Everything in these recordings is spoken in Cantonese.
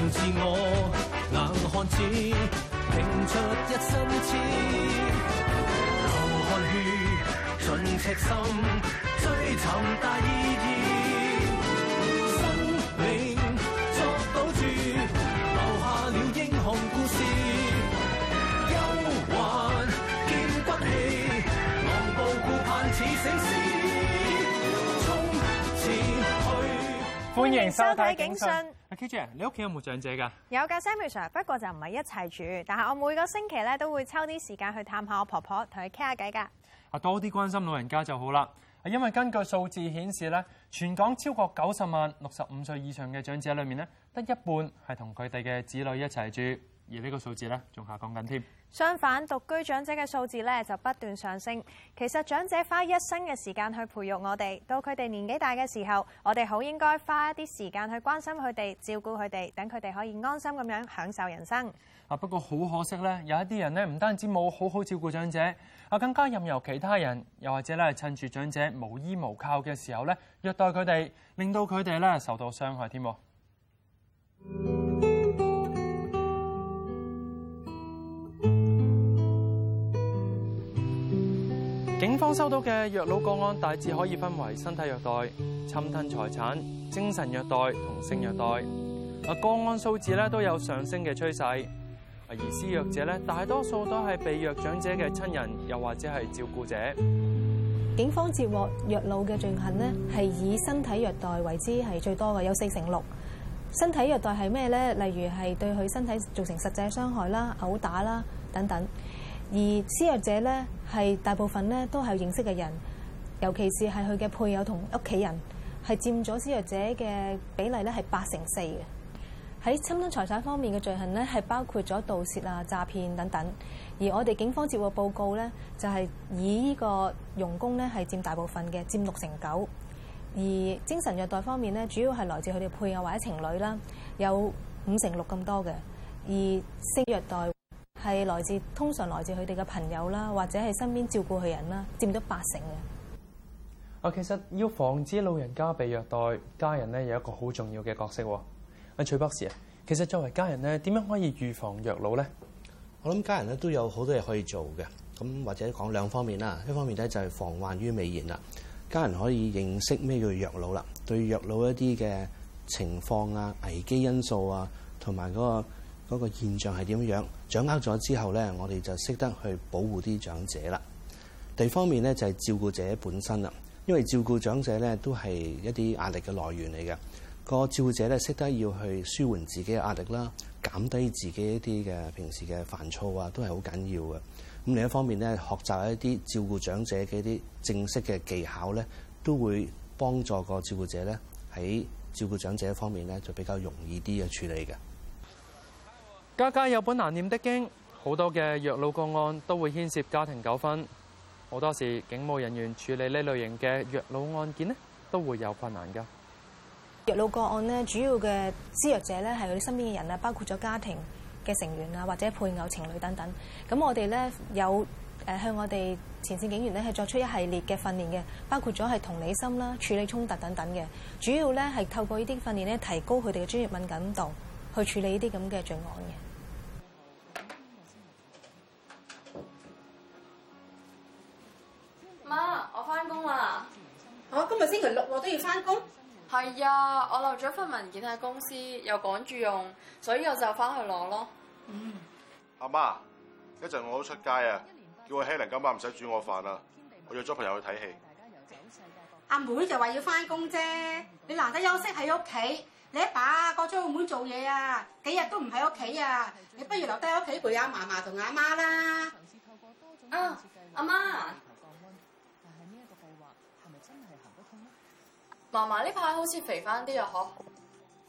用自我硬漢子拼出一身志流汗血盡赤心追尋大意義，生命作賭注留下了英雄故事。憂患見骨氣昂步顧盼似醒獅衝前去歡迎收睇警訊。KJ，你屋企有冇長者㗎？有㗎，Samuel Sir，不過就唔係一齊住。但係我每個星期咧都會抽啲時間去探下我婆婆，同佢傾下偈㗎。啊，多啲關心老人家就好啦。啊，因為根據數字顯示咧，全港超過九十萬六十五歲以上嘅長者裏面咧，得一半係同佢哋嘅子女一齊住。而呢個數字咧，仲下降緊添。相反，獨居長者嘅數字咧就不斷上升。其實長者花一生嘅時間去培育我哋，到佢哋年紀大嘅時候，我哋好應該花一啲時間去關心佢哋、照顧佢哋，等佢哋可以安心咁樣享受人生。啊，不過好可惜咧，有一啲人咧，唔單止冇好好照顧長者，啊，更加任由其他人，又或者咧趁住長者無依無靠嘅時候咧虐待佢哋，令到佢哋咧受到傷害添。嗯警方收到嘅虐老個案大致可以分為身體虐待、侵吞財產、精神虐待同性虐待。個案數字咧都有上升嘅趨勢。而施虐者咧大多數都係被虐長者嘅親人，又或者係照顧者。警方接獲虐老嘅罪行咧，係以身體虐待為之係最多嘅，有四成六。身體虐待係咩咧？例如係對佢身體造成實際傷害啦、毆打啦等等。而施虐者咧，係大部分咧都係認識嘅人，尤其是係佢嘅配偶同屋企人，係佔咗施虐者嘅比例咧，係八成四嘅。喺侵吞財產方面嘅罪行咧，係包括咗盜竊啊、詐騙等等。而我哋警方接獲報告咧，就係、是、以這個呢個傭工咧係佔大部分嘅，佔六成九。而精神虐待方面咧，主要係來自佢哋配偶或者情侶啦，有五成六咁多嘅。而性虐待。係來自通常來自佢哋嘅朋友啦，或者係身邊照顧佢人啦，佔到八成嘅。啊，其實要防止老人家被虐待，家人咧有一個好重要嘅角色。阿崔博士啊，其實作為家人咧，點樣可以預防弱老咧？我諗家人咧都有好多嘢可以做嘅，咁或者講兩方面啦。一方面咧就係防患於未然啦，家人可以認識咩叫弱老啦，對弱老一啲嘅情況啊、危機因素啊同埋嗰個。嗰個現象係點樣掌握咗之後呢？我哋就識得去保護啲長者啦。第二方面呢，就係照顧者本身啦，因為照顧長者呢都係一啲壓力嘅來源嚟嘅。個照顧者呢，識得要去舒緩自己嘅壓力啦，減低自己一啲嘅平時嘅煩躁啊，都係好緊要嘅。咁另一方面呢，學習一啲照顧長者嘅一啲正式嘅技巧呢，都會幫助個照顧者呢喺照顧長者方面呢，就比較容易啲嘅處理嘅。家家有本難念的經，好多嘅虐老個案都會牽涉家庭糾紛，好多時警務人員處理呢類型嘅虐老案件咧，都會有困難㗎。虐老個案咧，主要嘅施虐者咧係佢哋身邊嘅人啊，包括咗家庭嘅成員啊，或者配偶、情侶等等。咁我哋咧有誒向我哋前線警員咧係作出一系列嘅訓練嘅，包括咗係同理心啦、處理衝突等等嘅。主要咧係透過呢啲訓練咧，提高佢哋嘅專業敏感度，去處理呢啲咁嘅罪案嘅。啊！我今日星期六我都要翻工。係啊，我留咗份文件喺公司，又趕住用，所以我就翻去攞咯。嗯，阿媽，一陣我都出街啊，叫我起嚟。今晚唔使煮我飯啦，我約咗朋友去睇戲。阿妹就話要翻工啫，你難得休息喺屋企，你阿爸過咗澳門做嘢啊，幾日都唔喺屋企啊，你不如留低喺屋企陪阿嫲嫲同阿媽啦。嗯，啊，阿媽。嫲嫲呢排好似肥翻啲啊！嗬，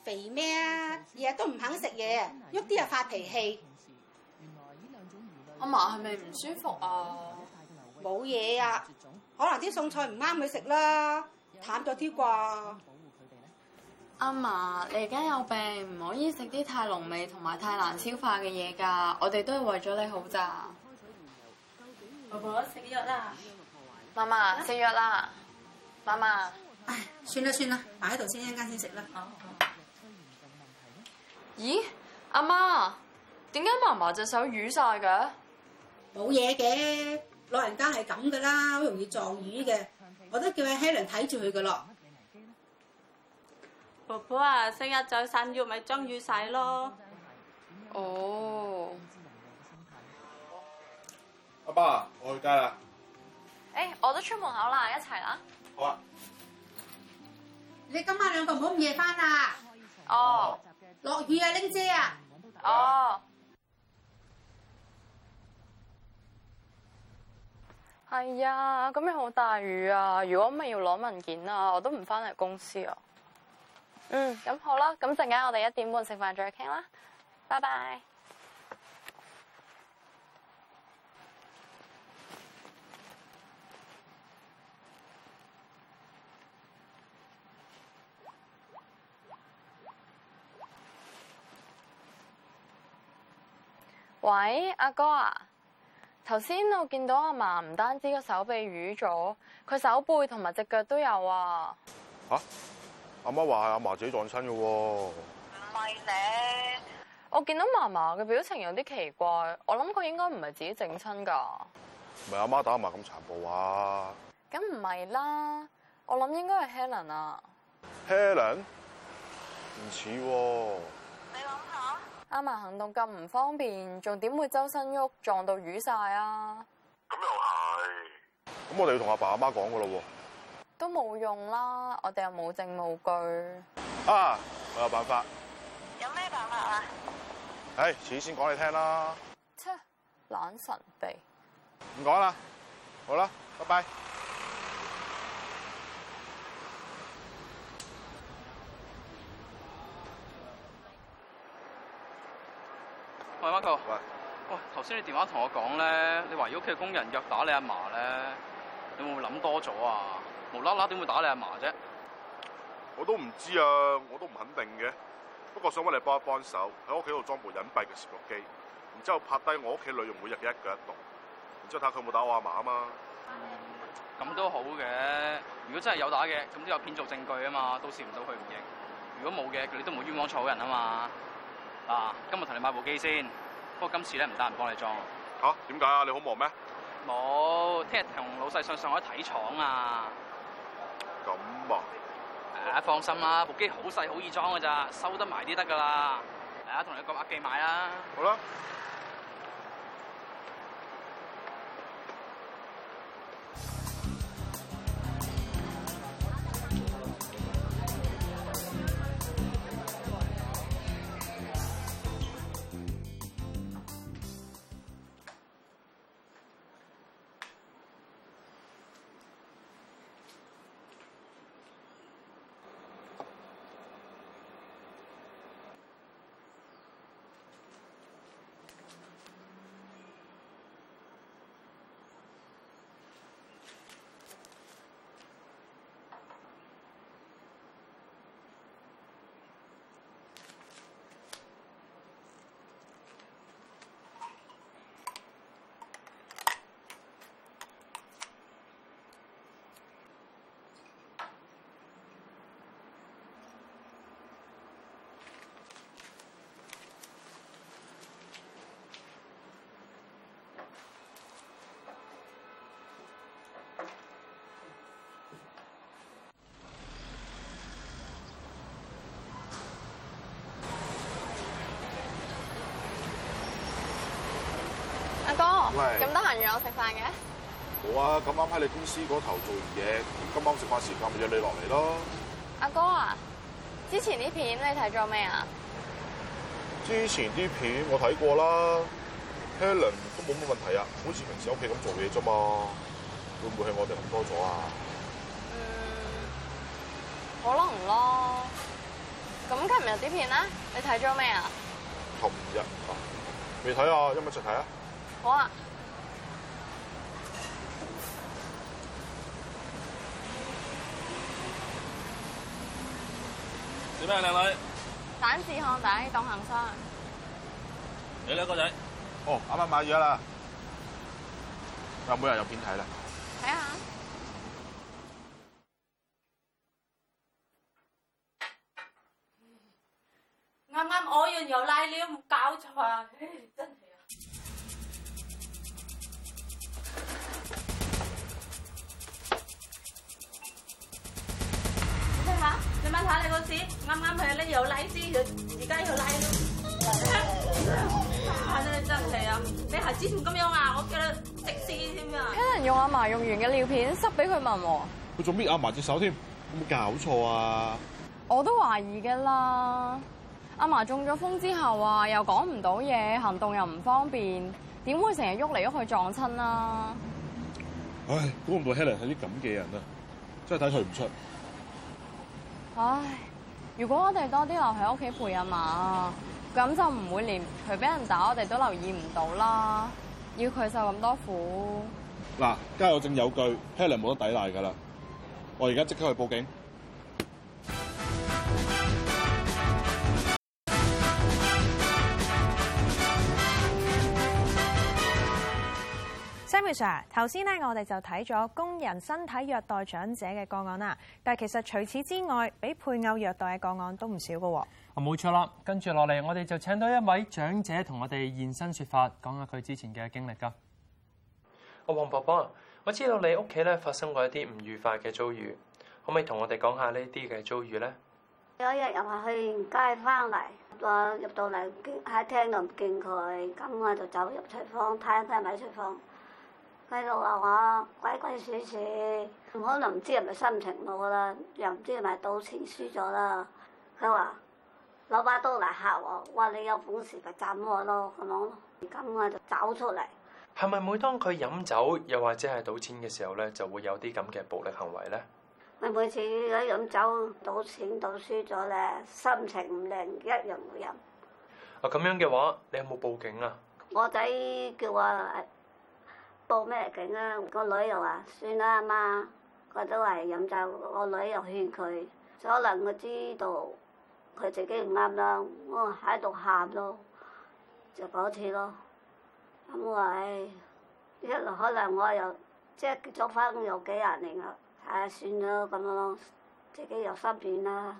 肥咩啊？日日都唔肯食嘢，郁啲又發脾氣。阿嫲係咪唔舒服啊？冇嘢啊，可能啲餸菜唔啱佢食啦，淡咗啲啩。阿嫲，你而家有病，唔可以食啲太濃味同埋太難消化嘅嘢㗎。我哋都係為咗你好咋。婆婆食藥啦！嫲嫲食藥啦！嫲嫲。吃算啦，算啦，埋喺度先，一陣間先食啦。哦哦。咦，阿媽，點解嫲嫲隻手淤晒嘅？冇嘢嘅，老人家係咁噶啦，好容易撞淤嘅。我都叫阿 Helen 睇住佢噶咯。婆婆啊，成日在晒藥咪撞淤晒咯。哦。阿爸，爸，我去街啦。誒、欸，我都出門口啦，一齊啦。好啊。你今晚兩個唔好夜翻啊！哦，落雨啊，拎遮啊！哦，係呀，今日好大雨啊！如果唔係要攞文件啊，我都唔翻嚟公司啊。嗯，咁好啦，咁陣間我哋一點半食飯再傾啦，拜拜。喂，阿哥，哥啊，頭先我見到阿嫲唔單止個手臂瘀咗，佢手背同埋隻腳都有啊。吓，阿媽話阿嫲自己撞親噶。唔係咧，我見到嫲嫲嘅表情有啲奇怪，我諗佢應該唔係自己整親噶。唔係阿媽打阿嫲咁殘暴啊？咁唔係啦，我諗應該係 Helen 啊。Helen？唔似喎。你諗。阿嫲行動咁唔方便，仲點會周身喐撞到瘀曬啊？咁又係，咁我哋要同阿爸阿媽講噶咯喎。都冇用啦，我哋又冇證冇據。啊，我有辦法。有咩辦法啊？唉、遲啲，先講你聽啦。切，懶神秘。唔講啦，好啦，拜拜。喂，孖哥。喂。喂、哦，頭先你電話同我講咧，你懷疑屋企工人虐打你阿嫲咧，你會唔會諗多咗啊？無啦啦點會打你阿嫲啫？我都唔知啊，我都唔肯定嘅。不過想揾你幫一幫手，喺屋企度裝部隱蔽嘅攝錄機，然之後拍低我屋企女傭每日嘅一舉一動，然之後睇下佢有冇打我阿嫲啊嘛。嗯，咁都好嘅。如果真係有打嘅，咁都有片做證據啊嘛，到時唔到佢唔認。如果冇嘅，你都唔好冤枉錯人啊嘛。啊，今日同你買部機先，不過今次咧唔得閒幫你裝。吓，點解啊？你好忙咩？冇，聽日同老細上上海睇廠啊。咁啊，誒，放心啦，部機好細，好易裝噶咋，收得埋啲得噶啦。嚟啊，同你個把機買啦，好啦。咁得閒約我食飯嘅？好啊，咁啱喺你公司嗰頭做完嘢，今晚食飯時間咪約你落嚟咯。阿哥啊，之前啲片你睇咗咩啊？之前啲片我睇過啦 Helen 都冇乜問題啊，好似平時屋企咁做嘢啫嘛。會唔會係我哋諗多咗啊？嗯，可能咯。咁今日啲片啊，你睇咗咩啊？今日啊，未睇啊，有冇想睇啊？好啊！做咩啊，靚女？省事看底，當行山。你咧，哥仔？哦，啱啱買藥啦。有冇人有片睇咧？睇下。係啊，你係之前咁樣啊，我叫你食屎添啊！Helen 用阿嫲用完嘅尿片塞俾佢聞，佢做咩？阿嫲隻手添，有冇搞錯啊？我都懷疑嘅啦，阿嫲中咗風之後啊，又講唔到嘢，行動又唔方便，點會成日喐嚟喐去撞親啊？唉，估唔到 Helen 係啲咁嘅人啊，真係睇佢唔出。唉，如果我哋多啲留喺屋企陪阿嫲啊！咁就唔會連佢俾人打，我哋都留意唔到啦。要佢受咁多苦，嗱，家有證有據，Helen 冇得抵賴噶啦。我而家即刻去報警。Sammy Sir，頭先咧，我哋就睇咗工人身體虐待長者嘅個案啦。但係其實除此之外，俾配偶虐待嘅個案都唔少噶喎。冇錯啦。跟住落嚟，我哋就請到一位長者同我哋現身説法，講下佢之前嘅經歷。噶、哦，阿黃婆婆，我知道你屋企咧，發生過一啲唔愉快嘅遭遇，可唔可以同我哋講下呢啲嘅遭遇咧？有一日入去街翻嚟，話入到嚟喺廳度唔見佢，咁我就走入廚房，睇下睇喺唔喺廚房。佢就話我鬼鬼祟祟，可能唔知係咪心情攰啦，又唔知係咪賭錢輸咗啦。佢話。攞把刀嚟嚇我，話你有本事咪斬我咯，咁樣咯，咁我就走出嚟。係咪每當佢飲酒又或者係賭錢嘅時候咧，就會有啲咁嘅暴力行為咧？你每次一飲酒賭錢賭輸咗咧，心情唔靚，一樣會飲。啊，咁樣嘅話，你有冇報警啊？我仔叫我報咩警啊？個女又話算啦，阿媽，媽，佢都係飲酒，我女又勸佢，所以可能我知道。佢自己唔啱啦，我喺度喊咯，就嗰次咯，咁我唉，一路可能我又即係結咗婚又幾廿年啦，唉，算啦咁樣咯，自己又心軟啦。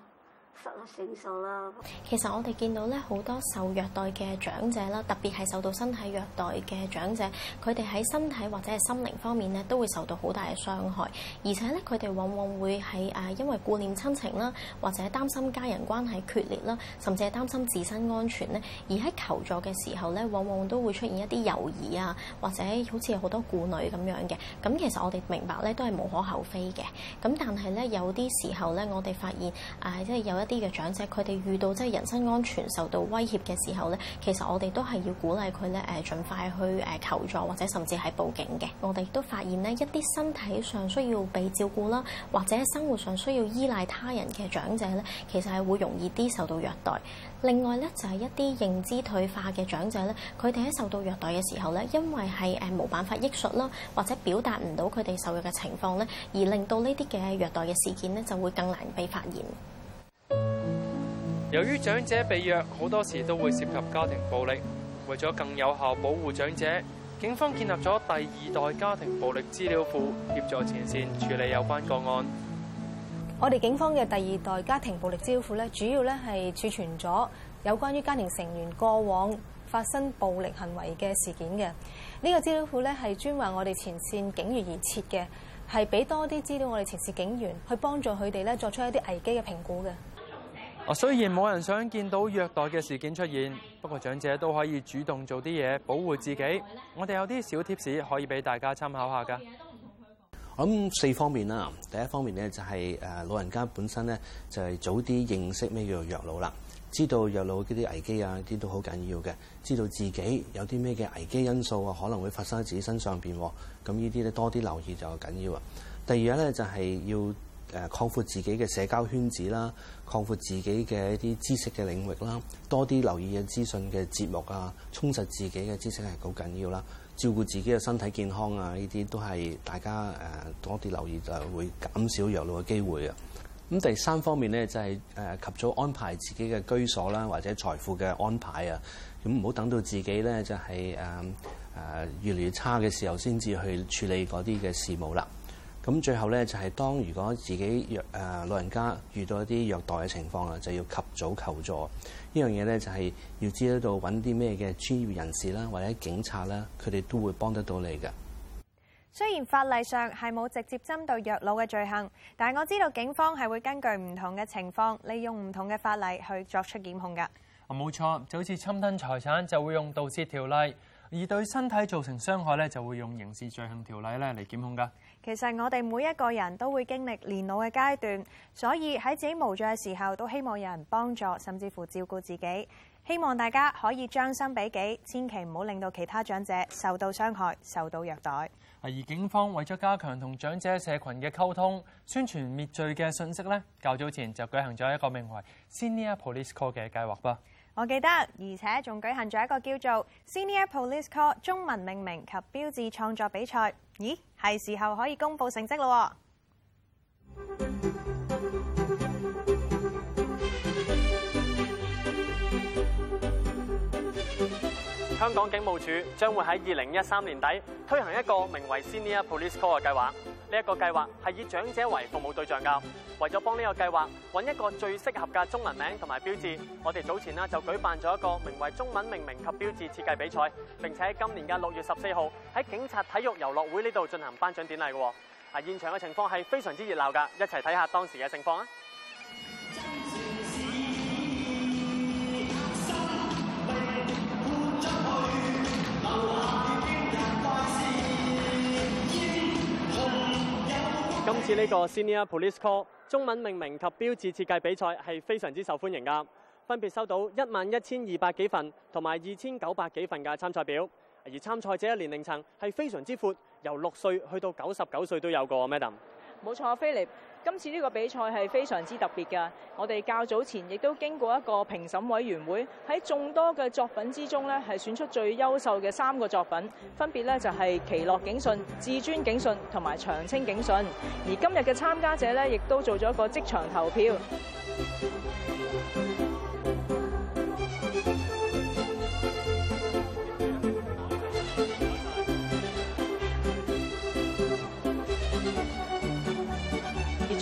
實在承受啦。其實我哋見到咧好多受虐待嘅長者啦，特別係受到身體虐待嘅長者，佢哋喺身體或者係心靈方面咧都會受到好大嘅傷害。而且咧佢哋往往會喺誒因為顧念親情啦，或者擔心家人關係決裂啦，甚至係擔心自身安全咧，而喺求助嘅時候咧，往往都會出現一啲猶疑啊，或者好似有好多顧慮咁樣嘅。咁其實我哋明白咧都係無可厚非嘅。咁但係咧有啲時候咧，我哋發現誒即係有一啲嘅長者，佢哋遇到即係人身安全受到威脅嘅時候咧，其實我哋都係要鼓勵佢咧誒，儘快去誒求助或者甚至係報警嘅。我哋亦都發現呢，一啲身體上需要被照顧啦，或者生活上需要依賴他人嘅長者咧，其實係會容易啲受到虐待。另外咧，就係一啲認知退化嘅長者咧，佢哋喺受到虐待嘅時候咧，因為係誒冇辦法憶述啦，或者表達唔到佢哋受虐嘅情況咧，而令到呢啲嘅虐待嘅事件咧就會更難被發現。由於長者被虐，好多時都會涉及家庭暴力。為咗更有效保護長者，警方建立咗第二代家庭暴力資料庫，協助前線處理有關個案。我哋警方嘅第二代家庭暴力資料庫咧，主要咧係儲存咗有關於家庭成員過往發生暴力行為嘅事件嘅。呢、這個資料庫咧係專為我哋前線警員而設嘅，係俾多啲資料我哋前線警員去幫助佢哋咧作出一啲危機嘅評估嘅。我雖然冇人想見到虐待嘅事件出現，不過長者都可以主動做啲嘢保護自己。我哋有啲小貼士可以俾大家參考下㗎。咁四方面啦，第一方面咧就係誒老人家本身咧就係早啲認識咩叫做弱老啦，知道弱老嗰啲危機啊，啲都好緊要嘅，知道自己有啲咩嘅危機因素啊，可能會發生喺自己身上邊。咁呢啲咧多啲留意就緊要啊。第二樣咧就係要。誒擴闊自己嘅社交圈子啦，擴闊自己嘅一啲知識嘅領域啦，多啲留意嘅資訊嘅節目啊，充實自己嘅知識係好緊要啦。照顧自己嘅身體健康啊，呢啲都係大家誒多啲留意就係會減少虐老嘅機會啊。咁第三方面咧就係、是、誒及早安排自己嘅居所啦，或者財富嘅安排啊。咁唔好等到自己咧就係誒誒越嚟越差嘅時候先至去處理嗰啲嘅事務啦。咁最後咧，就係、是、當如果自己弱誒、呃、老人家遇到一啲虐待嘅情況啦，就要及早求助。這樣呢樣嘢咧就係、是、要知道揾啲咩嘅專業人士啦，或者警察啦，佢哋都會幫得到你㗎。雖然法例上係冇直接針對虐老嘅罪行，但係我知道警方係會根據唔同嘅情況，利用唔同嘅法例去作出檢控㗎。啊，冇錯就好似侵吞財產就會用盜竊條例，而對身體造成傷害咧就會用刑事罪行條例咧嚟檢控㗎。其實我哋每一個人都會經歷年老嘅階段，所以喺自己無助嘅時候都希望有人幫助，甚至乎照顧自己。希望大家可以將心比己，千祈唔好令到其他長者受到傷害、受到虐待。而警方為咗加強同長者社群嘅溝通，宣傳滅罪嘅信息咧，較早前就舉行咗一個名為 Senior Police Call 嘅計劃噃。我記得，而且仲舉行咗一個叫做 Senior Police Call 中文命名及標誌創作比賽。咦，係時候可以公布成績咯！香港警務處將會喺二零一三年底推行一個名為 Senior Police Call 嘅計劃。呢、這、一個計劃係以長者為服務對象㗎。為咗幫呢個計劃揾一個最適合嘅中文名同埋標誌，我哋早前就舉辦咗一個名為中文命名及標誌設計比賽，並且喺今年嘅六月十四號喺警察體育遊樂會呢度進行頒獎典禮嘅。啊，現場嘅情況係非常之熱鬧噶，一齊睇下當時嘅情況啊！今次呢個 Senior Police Call。中文命名及標誌設計比賽係非常之受歡迎㗎，分別收到一萬一千二百幾份同埋二千九百幾份嘅參賽表，而參賽者嘅年齡層係非常之闊，由六歲去到九十九歲都有個 madam。冇錯，菲利、啊今次呢個比賽係非常之特別㗎，我哋較早前亦都經過一個評審委員會喺眾多嘅作品之中呢，係選出最優秀嘅三個作品，分別呢就係、是《奇樂警訊》《至尊警訊》同埋《長青警訊》，而今日嘅參加者呢，亦都做咗一個即場投票。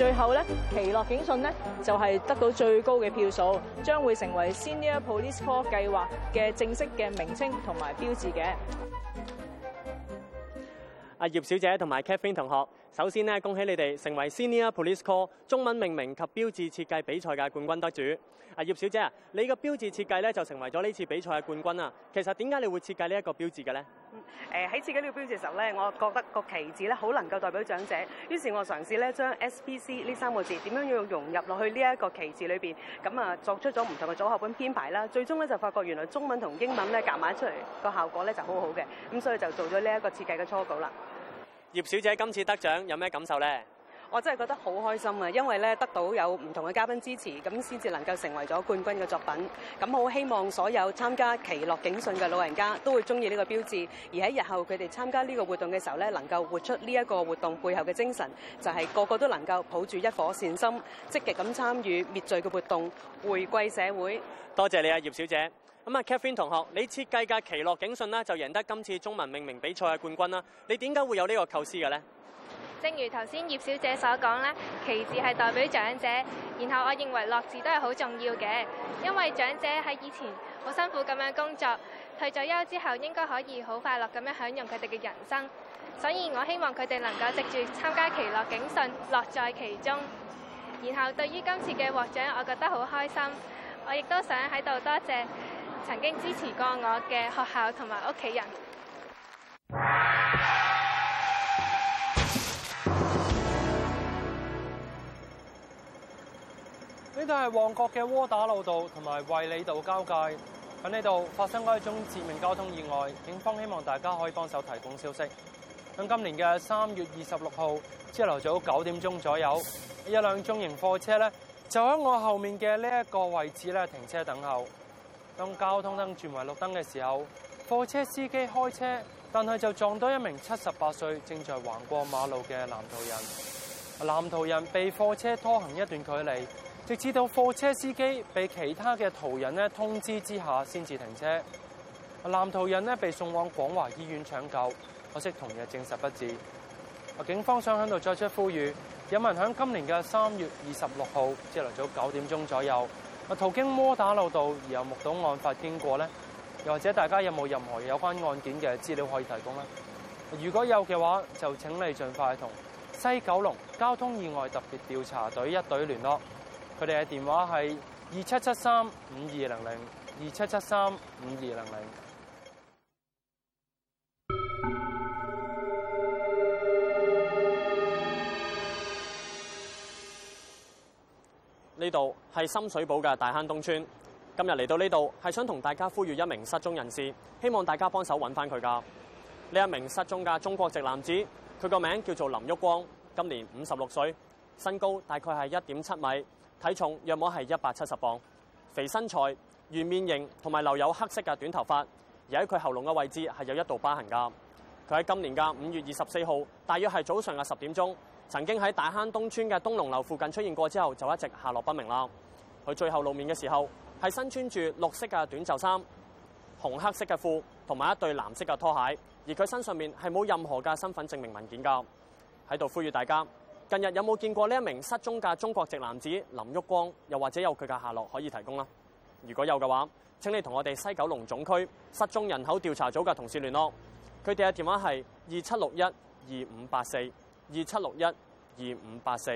最後咧，奇樂警訊咧就係得到最高嘅票數，將會成為 Senior Police Force 計劃嘅正式嘅名稱同埋標誌嘅。阿葉小姐同埋 Katherine 同學。首先咧，恭喜你哋成為 Senior Police Call 中文命名及標誌設計比賽嘅冠軍得主。啊，葉小姐啊，你個標誌設計咧就成為咗呢次比賽嘅冠軍啊。其實點解你會設計呢一個標誌嘅呢？誒、呃，喺設計呢個標誌嘅時候咧，我覺得個耆字咧好能夠代表長者，於是我嘗試咧將 SPC 呢三個字點樣要融入落去呢一個耆字裏邊，咁啊作出咗唔同嘅組合本編排啦。最終咧就發覺原來中文同英文咧夾埋出嚟個效果咧就好好嘅，咁所以就做咗呢一個設計嘅初稿啦。葉小姐今次得獎有咩感受呢？我真係覺得好開心啊！因為咧得到有唔同嘅嘉賓支持，咁先至能夠成為咗冠軍嘅作品。咁好希望所有參加奇樂警訊嘅老人家都會中意呢個標誌，而喺日後佢哋參加呢個活動嘅時候咧，能夠活出呢一個活動背後嘅精神，就係個個都能夠抱住一顆善心，積極咁參與滅罪嘅活動，回歸社會。多謝你啊，葉小姐。咁啊 Kevin 同學，你設計嘅《奇樂警訊》咧就贏得今次中文命名比賽嘅冠軍啦。你點解會有呢個構思嘅咧？正如頭先葉小姐所講咧，奇字係代表長者，然後我認為樂字都係好重要嘅，因為長者喺以前好辛苦咁樣工作，退咗休之後應該可以好快樂咁樣享用佢哋嘅人生，所以我希望佢哋能夠藉住參加奇《奇樂警訊》，樂在其中。然後對於今次嘅獲獎我覺得好開心。我亦都想喺度多謝。曾經支持過我嘅學校同埋屋企人。呢度係旺角嘅窩打老道同埋衛理道交界，喺呢度發生一宗致命交通意外，警方希望大家可以幫手提供消息。喺今年嘅三月二十六號，朝頭早九點鐘左右，一輛中型貨車咧就喺我後面嘅呢一個位置咧停車等候。當交通燈轉為綠燈嘅時候，貨車司機開車，但係就撞到一名七十八歲正在橫過馬路嘅男途人。男途人被貨車拖行一段距離，直至到貨車司機被其他嘅途人通知之下，先至停車。男途人被送往廣華醫院搶救，可惜同日證實不治。警方想喺度再出呼籲，有人響今年嘅三月二十六號朝頭早九點鐘左右，途經摩打路道而又目睹案發經過咧，又或者大家有冇任何有關案件嘅資料可以提供咧？如果有嘅話，就請你盡快同西九龍交通意外特別調查隊一隊聯絡，佢哋嘅電話係二七七三五二零零二七七三五二零零。呢度係深水埗嘅大坑東村。今日嚟到呢度係想同大家呼籲一名失蹤人士，希望大家幫手揾翻佢㗎。呢一名失蹤嘅中國籍男子，佢個名叫做林旭光，今年五十六歲，身高大概係一點七米，體重約摸係一百七十磅，肥身材，圓面型，同埋留有黑色嘅短頭髮，而喺佢喉嚨嘅位置係有一道疤痕㗎。佢喺今年嘅五月二十四號，大約係早上嘅十點鐘，曾經喺大坑東村嘅東龍樓附近出現過，之後就一直下落不明啦。佢最後露面嘅時候係身穿住綠色嘅短袖衫、紅黑色嘅褲同埋一對藍色嘅拖鞋，而佢身上面係冇任何嘅身份證明文件噶。喺度呼籲大家，近日有冇見過呢一名失蹤嘅中國籍男子林旭光？又或者有佢嘅下落可以提供呢？如果有嘅話，請你同我哋西九龍總區失蹤人口調查組嘅同事聯絡，佢哋嘅電話係二七六一二五八四。二七六一二五八四，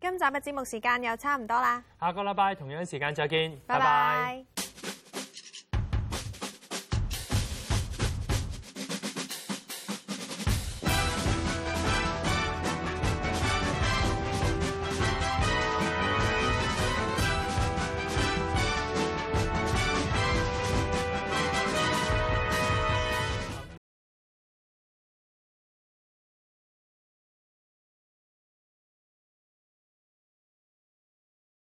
今集嘅節目時間又差唔多啦。下個禮拜同樣時間再見。拜拜。Bye bye